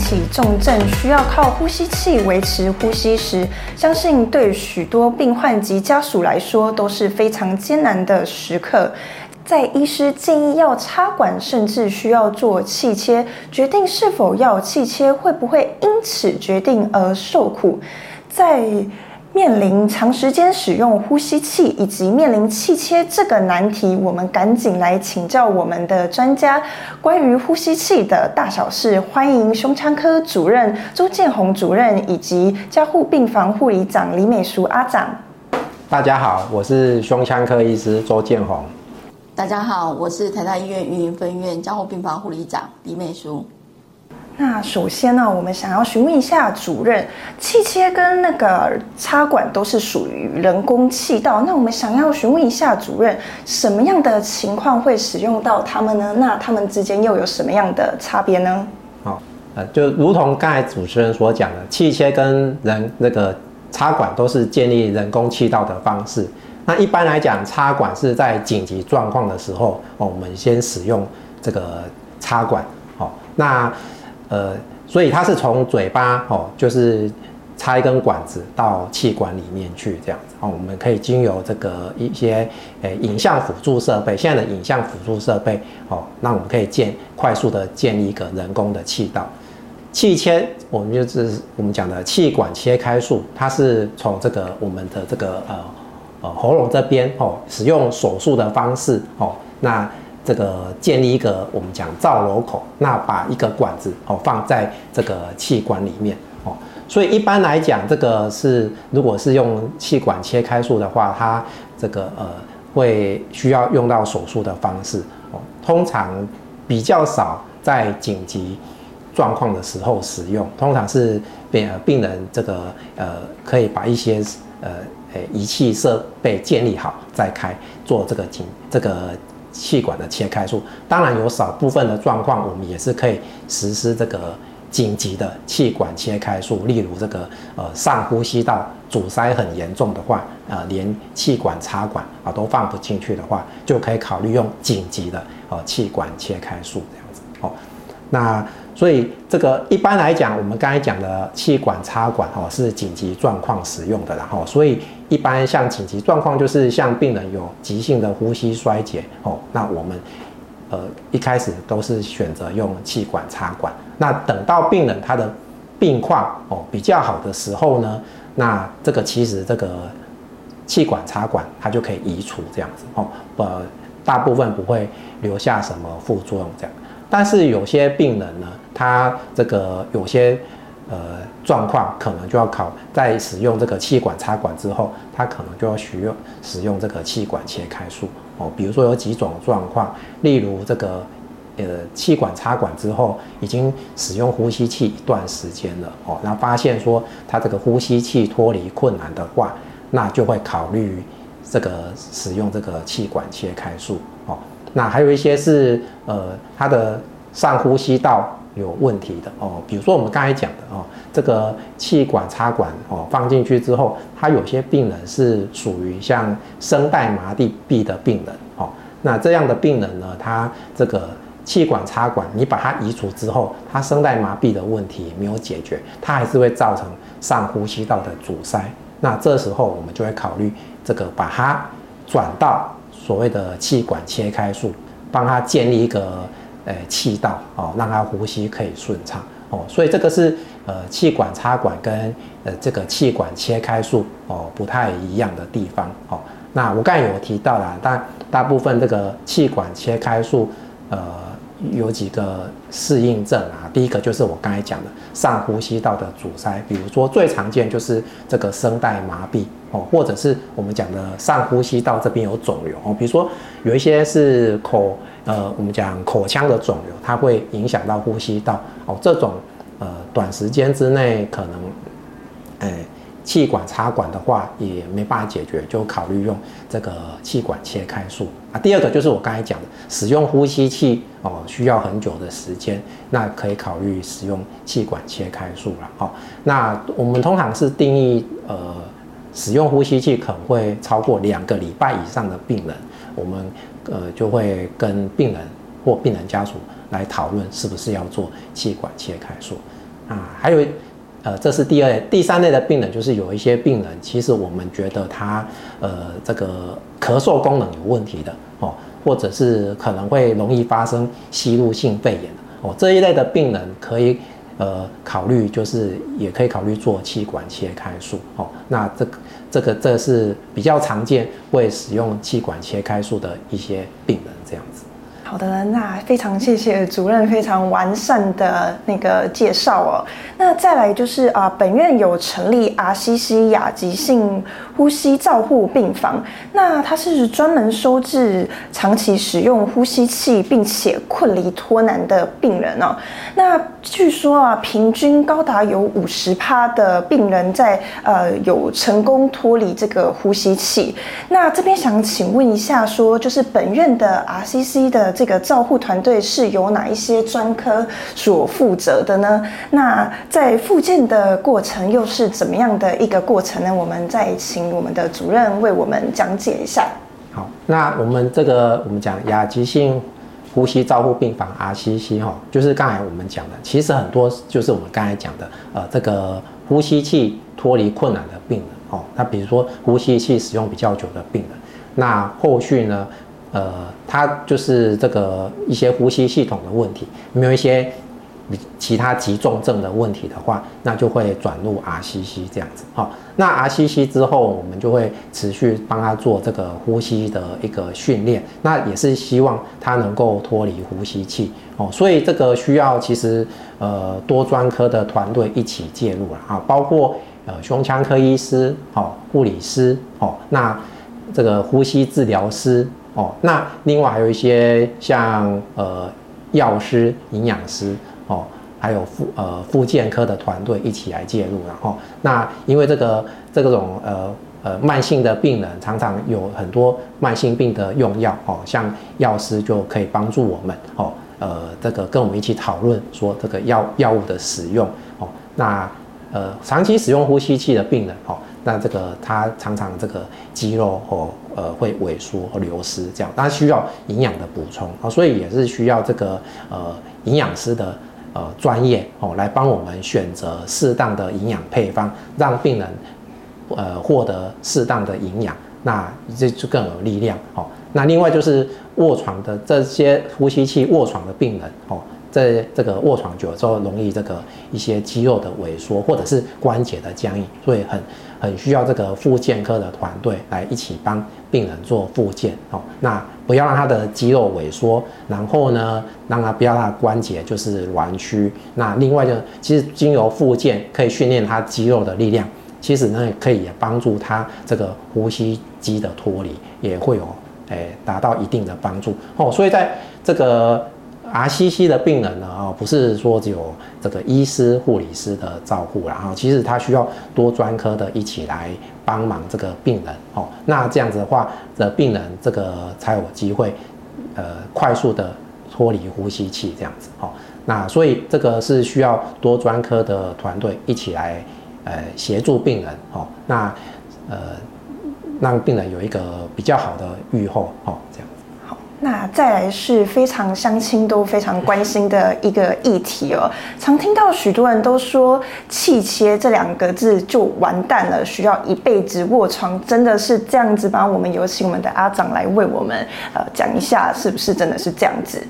起重症需要靠呼吸器維持呼吸時，相信對許多病患及家屬來說都是非常艱難的時刻。在醫師建議要插管，甚至需要做氣切，決定是否要氣切，會不會因此決定而受苦，在。面臨長時間使用呼吸器以及面臨氣切這個難題，我們趕緊來請教我們的專家關於呼吸器的大小事。歡迎胸腔科主任周建宏主任以及加護病房護理長李美淑阿長。大家好，我是胸腔科醫師周建宏。大家好，我是台大醫院雲林分院加護病房護理長李美淑。那首先呢，我們想要詢問一下主任，氣切跟那個插管都是屬於人工氣道。那我們想要詢問一下主任，什麼樣的情況會使用到他們呢？那他們之間又有什麼樣的差別呢？好，呃，就如同剛才主持人所講的，氣切跟人那個插管都是建立人工氣道的方式。那一般來講，插管是在緊急狀況的時候，哦，我們先使用這個插管。好，那。呃，所以它是從嘴巴哦，就是插一根管子到氣管裡面去這樣子哦，我們可以經由這個一些誒、欸、影像輔助設備，現在的影像輔助設備哦，那我們可以建快速的建立一個人工的氣道。氣切，我們就是我們講的氣管切開術，它是從這個我們的這個呃呃喉嚨這邊哦，使用手術的方式哦，那。這個建立一個我們講造瘻口，那把一個管子哦放在這個氣管裡面哦，所以一般來講，這個是如果是用氣管切開術的話，它這個呃會需要用到手術的方式哦，通常比較少在緊急狀況的時候使用，通常是病病人這個呃可以把一些呃誒儀器設備建立好再開做這個緊這個。氣管的切開術，當然有少部分的狀況，我們也是可以實施這個緊急的氣管切開術。例如這個呃上呼吸道阻塞很嚴重的話，呃連氣管插管啊都放不進去的話，就可以考慮用緊急的呃、啊、氣管切開術這樣子。哦，那所以這個一般來講，我們剛才講的氣管插管哦是緊急狀況使用的，然後啊所以。一般像緊急狀況，就是像病人有急性的呼吸衰竭哦，那我們呃一開始都是選擇用氣管插管。那等到病人他的病況哦比較好的時候呢，那這個其實這個氣管插管它就可以移除這樣子哦，呃大部分不會留下什麼副作用這樣。但是有些病人呢，他這個有些。呃，狀況可能就要考在使用這個氣管插管之後，他可能就要需要使用這個氣管切開術哦。比如說有幾種狀況，例如這個呃氣管插管之後已經使用呼吸器一段時間了哦，那發現說他這個呼吸器脫離困難的話，那就會考慮這個使用這個氣管切開術哦。那還有一些是呃他的上呼吸道。有問題的哦，比如說我們剛才講的哦，這個氣管插管哦放進去之後，他有些病人是屬於像聲帶麻痹的病人哦，那這樣的病人呢，他這個氣管插管你把它移除之後，他聲帶麻痹的問題沒有解決，他還是會造成上呼吸道的阻塞，那這時候我們就會考慮這個把它轉到所謂的氣管切開術，幫他建立一個。呃、欸，氣道哦，讓它呼吸可以順暢哦，所以這個是呃氣管插管跟呃這個氣管切開術哦不太一樣的地方哦。那我剛才有提到了，但大部分這個氣管切開術呃有幾個適應症啊。第一個就是我剛才講的上呼吸道的阻塞，比如說最常見就是這個聲帶麻痹哦，或者是我們講的上呼吸道這邊有腫瘤哦，比如說有一些是口。呃，我們講口腔的腫瘤，它會影響到呼吸道哦。這種呃，短時間之內可能，呃、欸，氣管插管的話也沒辦法解決，就考慮用這個氣管切開術啊。第二個就是我剛才講的，使用呼吸器哦、呃，需要很久的時間，那可以考慮使用氣管切開術了。好、哦，那我們通常是定義呃，使用呼吸器可能會超過兩個禮拜以上的病人，我們。呃，就會跟病人或病人家屬來討論是不是要做氣管切開術啊？還有，呃，這是第二類，第三類的病人，就是有一些病人，其實我們覺得他呃，這個咳嗽功能有問題的哦，或者是可能會容易發生吸入性肺炎的哦，這一類的病人可以呃考慮，就是也可以考慮做氣管切開術哦。那這個。這個這個，是比較常見會使用氣管切開術的一些病人，這樣子。好的，那非常謝謝主任非常完善的那個介紹哦。那再來就是啊、呃，本院有成立 RCC 亞急性呼吸照護病房，那它是專門收治長期使用呼吸器並且困離脫難的病人哦。那據說啊，平均高達有五十趴的病人在呃有成功脫離這個呼吸器。那這邊想請問一下說，說就是本院的 RCC 的。這個照護團隊是由哪一些專科所負責的呢？那在復健的過程又是怎麼樣的一個過程呢？我們再請我們的主任為我們講解一下。好，那我們這個我們講亞急性呼吸照護病房 RCC 哈、哦，就是剛才我們講的，其實很多就是我們剛才講的，呃，這個呼吸器脫離困難的病人哦，那比如說呼吸器使用比較久的病人，那後續呢？呃，他就是這個一些呼吸系統的問題，沒有一些其他急重症的問題的話，那就會轉入 RCC 這樣子。好、哦，那 RCC 之後，我們就會持續幫他做這個呼吸的一個訓練。那也是希望他能夠脫離呼吸器哦。所以這個需要其實呃多專科的團隊一起介入了啊，包括呃胸腔科醫師、哦，護理師、哦，那這個呼吸治療師。哦，那另外還有一些像呃藥師、營養師哦，還有復呃復健科的團隊一起來介入了，哦，然後那因為這個這個種呃呃慢性的病人常常有很多慢性病的用藥哦，像藥師就可以幫助我們哦，呃，這個跟我們一起討論說這個藥藥物的使用哦，那呃長期使用呼吸器的病人哦。那這個它常常這個肌肉哦呃會萎縮和流失，這樣它需要營養的補充啊，所以也是需要這個呃營養師的呃專業哦來幫我們選擇適當的營養配方，讓病人呃獲得適當的營養，那這就更有力量哦。那另外就是臥床的這些呼吸器臥床的病人哦，在這個臥床久了之後容易這個一些肌肉的萎縮或者是關節的僵硬，所以很很需要這個復健科的團隊來一起幫病人做復健哦，那不要讓他的肌肉萎縮，然後呢，讓他不要讓關節就是彎曲。那另外就其實經由復健可以訓練他肌肉的力量，其實呢也可以幫助他這個呼吸肌的脫離，也會有誒達到一定的幫助哦。所以在這個 RCC 的病人呢，哦，不是說只有這個醫師、護理師的照顧，然後其實他需要多專科的一起來幫忙這個病人，哦，那這樣子的話，的、這個、病人這個才有機會，呃，快速的脫離呼吸器這樣子，哦，那所以這個是需要多專科的團隊一起來，呃，協助病人，哦，那呃，讓病人有一個比較好的預後，哦，這樣子。那再來是非常鄉親都非常關心的一個議題哦，常聽到許多人都說氣切這兩個字就完蛋了，需要一輩子臥床，真的是這樣子嗎？我們有請我們的阿長來為我們呃講一下，是不是真的是這樣子？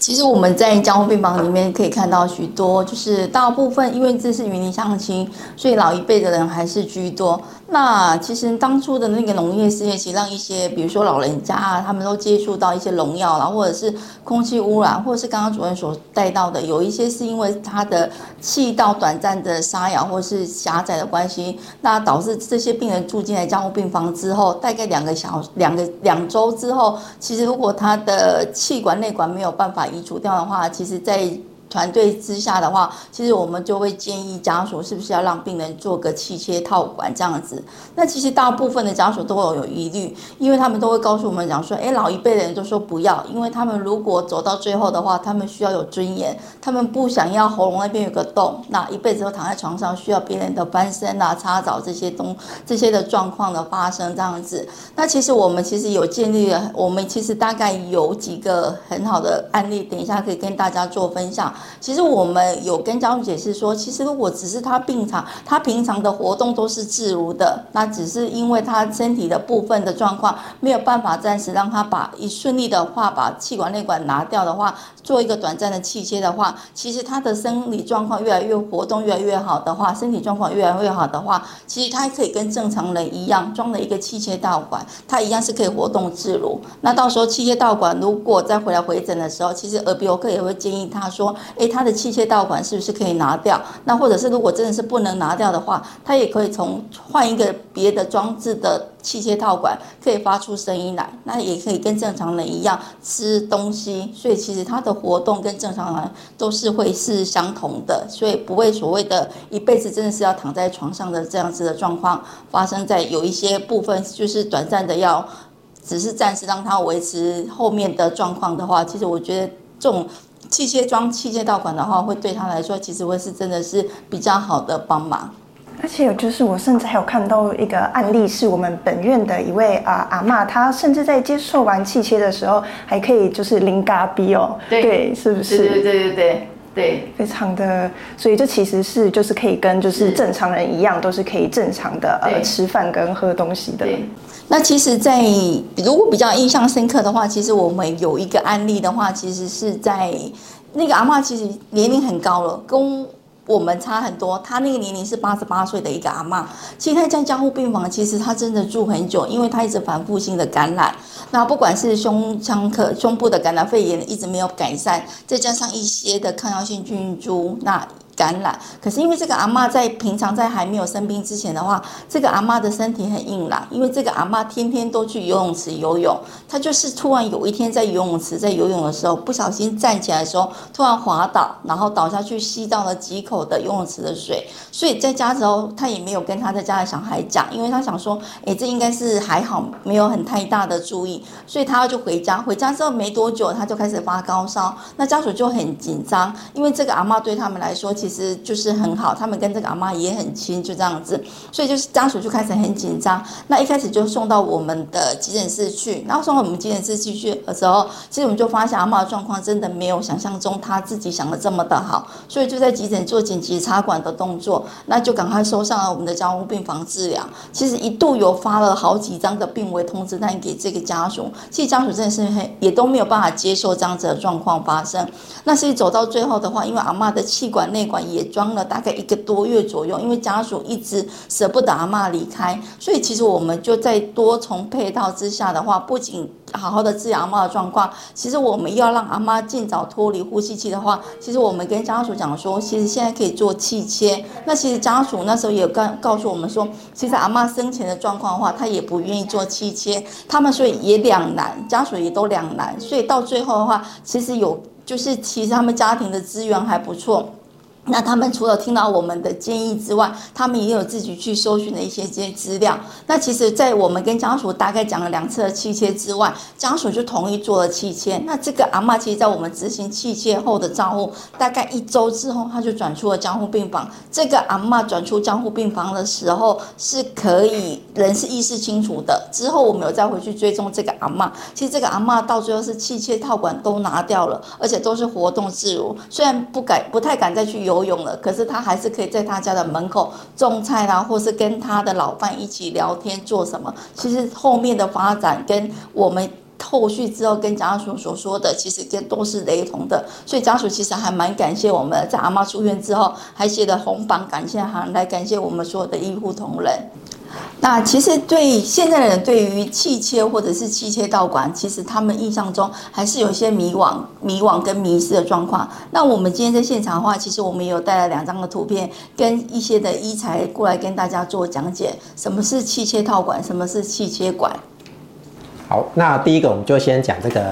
其實我們在加護病房裡面可以看到許多，就是大部分因為這是雲林鄉親，所以老一輩的人還是居多。那其實當初的那個農業事業，其實讓一些，比如說老人家啊，他們都接觸到一些農藥啦，或者是空氣污染，或者是剛剛主任所帶到的，有一些是因為他的氣道短暫的沙啞或者是狹窄的關係，那導致這些病人住進來加護病房之後，大概兩個小兩個兩週之後，其實如果他的氣管內管沒有辦法移除掉的話，其實在。團隊之下的話，其實我們就會建議家屬是不是要讓病人做個氣切套管這樣子。那其實大部分的家屬都會有疑慮，因為他們都會告訴我們講說，哎，老一輩的人都說不要，因為他們如果走到最後的話，他們需要有尊嚴，他們不想要喉嚨那邊有個洞，那一輩子都躺在床上需要別人的翻身啊、擦澡這些東這些的狀況的發生這樣子。那其實我們其實有建立了，我們其實大概有幾個很好的案例，等一下可以跟大家做分享。其實我們有跟家屬解釋說，其實如果只是他病常，他平常的活動都是自如的，那只是因為他身體的部分的狀況沒有辦法暫時讓他把一順利的話把氣管內管拿掉的話，做一個短暫的氣切的話，其實他的生理狀況越來越活動越來越好的話，身體狀況越來越好的話，其實他還可以跟正常人一樣，裝了一個氣切導管，他一樣是可以活動自如。那到時候氣切導管如果再回來回診的時候，其實耳鼻喉科也會建議他說。誒，他的氣切套管是不是可以拿掉？那或者是如果真的是不能拿掉的話，他也可以從換一個別的裝置的氣切套管，可以發出聲音來，那也可以跟正常人一樣吃東西。所以其實他的活動跟正常人都是會是相同的，所以不會所謂的一輩子真的是要躺在床上的這樣子的狀況發生，在有一些部分就是短暫的要，只是暫時讓他維持後面的狀況的話，其實我覺得這種。氣切裝氣切導管的話，會對他來說，其實會是真的是比較好的幫忙。而且，就是我甚至還有看到一個案例，是我們本院的一位啊、呃、阿嬤，她甚至在接受完氣切的時候，還可以就是拎咖啡哦對。對，是不是？對對對對，對。對，非常的，所以這其實是就是可以跟就是正常人一樣，是都是可以正常的呃吃飯跟喝東西的。那其實在，在如果比較印象深刻的話，其實我們有一個案例的話，其實是在那個阿嬤其實年齡很高了，嗯、跟。我們差很多，他那個年齡是八十八歲的一個阿嬤。其實他在加護病房，其實他真的住很久，因為他一直反復性的感染，那不管是胸腔科、胸部的感染肺炎一直沒有改善，再加上一些的抗藥性菌株，那。感染，可是因為這個阿嬤在平常在還沒有生病之前的話，這個阿嬤的身體很硬朗，因為這個阿嬤天天都去游泳池游泳，她就是突然有一天在游泳池在游泳的時候，不小心站起來的時候，突然滑倒，然後倒下去吸到了幾口的游泳池的水，所以在家之後她也沒有跟她在家的小孩講，因為她想說，欸，這應該是還好，沒有很太大的注意，所以她就回家，回家之後沒多久她就開始發高燒，那家屬就很緊張，因為這個阿嬤對他們來說，其其實就是很好，他們跟這個阿嬤也很親，就這樣子，所以就是家屬就開始很緊張。那一開始就送到我們的急診室去，然後送到我們急診室去的時候，其實我們就發現阿嬤的狀況真的沒有想象中他自己想的這麼的好。所以就在急診做緊急插管的動作，那就趕快收上了我們的加護病房治療。其實一度有發了好幾張的病危通知單給這個家屬，其實家屬真的是很也都沒有辦法接受這樣子的狀況發生。那所以走到最後的話，因為阿嬤的氣管內管。也裝了大概一個多月左右，因為家屬一直捨不得阿嬤離開，所以其實我們就在多重配套之下的話，不僅好好的治療阿嬤的狀況，其實我們要讓阿嬤盡早脫離呼吸器的話，其實我們跟家屬講說，其實現在可以做氣切。那其實家屬那時候也告告訴我們說，其實阿嬤生前的狀況的話，他也不願意做氣切，他們所以也兩難，家屬也都兩難，所以到最後的話，其實有就是其實他們家庭的資源還不錯。那他們除了聽到我們的建議之外，他們也有自己去搜尋的一些這些資料。那其實，在我們跟家屬大概講了兩次的氣切之外，家屬就同意做了氣切。那這個阿嬤其實，在我們執行氣切後的加護，大概一週之後，他就轉出了加護病房。這個阿嬤轉出加護病房的時候，是可以人是意識清楚的。之後我們有再回去追蹤這個阿嬤，其實這個阿嬤到最後是氣切套管都拿掉了，而且都是活動自如，雖然不敢不太敢再去遊戲游泳了，可是他還是可以在他家的門口種菜啊，或是跟他的老伴一起聊天做什麼。其實後面的發展跟我們後續之後跟家屬所說的，其實跟都是雷同的。所以家屬其實還蠻感謝我們，在阿媽出院之後還寫了紅榜感謝函，來感謝我們所有的醫護同仁。那其實對現在的人，對於氣切或者是氣切套管，其實他們印象中還是有一些迷惘、迷惘跟迷失的狀況。那我們今天在現場的話，其實我們有帶了兩張的圖片，跟一些的醫材過來跟大家做講解，什麼是氣切套管，什麼是氣切管。好，那第一個我們就先講這個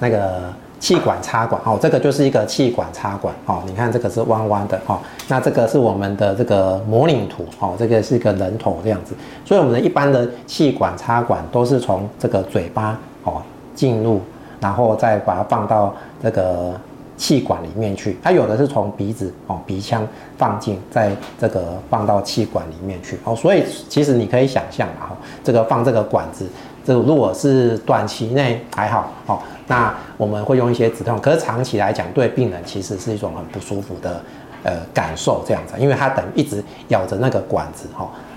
那個。氣管插管哦，這個就是一個氣管插管哦，你看這個是彎彎的哦，那這個是我們的這個模擬圖哦，這個是一個人頭這樣子，所以我們的一般的氣管插管都是從這個嘴巴哦進入，然後再把它放到這個氣管裡面去，它有的是從鼻子哦鼻腔放進再這個放到氣管裡面去哦，所以其實你可以想象哈，哦，這個放這個管子。這如果是短期內還好哦，那我們會用一些止痛，可是長期來講，對病人其實是一種很不舒服的呃感受這樣子，因為它，等於一直咬着那個管子，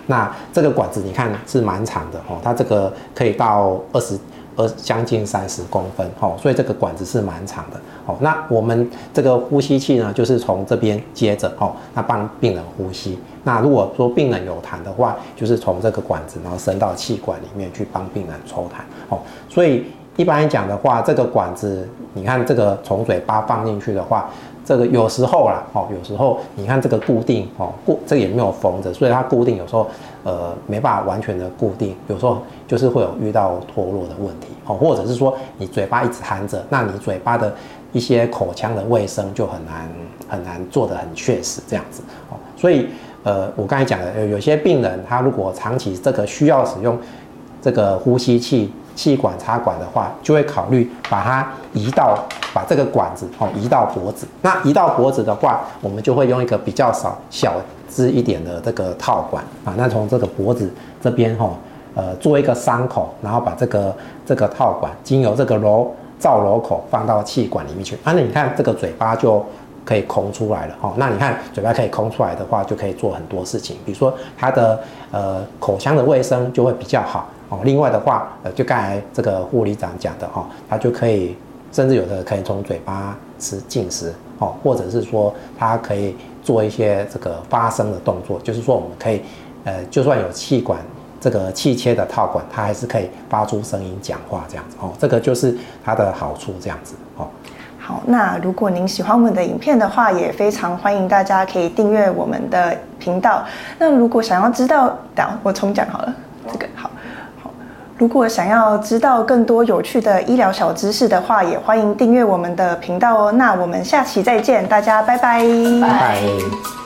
那這個管子你看是蠻長的哦，它這個可以到二十。而將近三十公分哦，所以這個管子是蠻長的，哦，那我們這個呼吸器呢，就是從這邊接着哦，那幫病人呼吸。那如果說病人有痰的話，就是從這個管子然後伸到氣管裡面去幫病人抽痰哦。所以一般來講的話，這個管子，你看這個從嘴巴放進去的話，這個有時候啦哦，有時候你看這個固定哦，固這也沒有縫着，所以它固定有時候。呃，沒辦法完全的固定，有時候就是會有遇到脫落的問題，哦，或者是說你嘴巴一直含着，那你嘴巴的一些口腔的衛生就很難很難做得很確實這樣子，哦，所以呃，我剛才講的有些病人他如果長期這個需要使用這個呼吸器氣管插管的話，就會考慮把它移到。把這個管子移到脖子，那移到脖子的話，我們就會用一個比較少小，小支一點的這個套管啊。那從這個脖子這邊哈，呃，做一個傷口，然後把這個這個套管經由這個造廔口放到氣管裡面去。啊，那你看這個嘴巴就可以空出來了。那你看嘴巴可以空出來的話，就可以做很多事情，比如說它的呃，口腔的衛生就會比較好哦。另外的話，呃，就剛才這個護理長講的哈，它就可以。甚至有的可以從嘴巴吃進食哦，或者是說它可以做一些這個發聲的動作，就是說我們可以，呃，就算有氣管這個氣切的套管，它還是可以發出聲音講話這樣子哦，這個就是它的好處這樣子哦。好，那如果您喜歡我們的影片的話，也非常歡迎大家可以訂閱我們的頻道。那如果想要知道，等我重講好了。如果想要知道更多有趣的醫療小知識的話，也歡迎訂閱我們的頻道哦。那我們下期再見，大家拜拜。拜拜。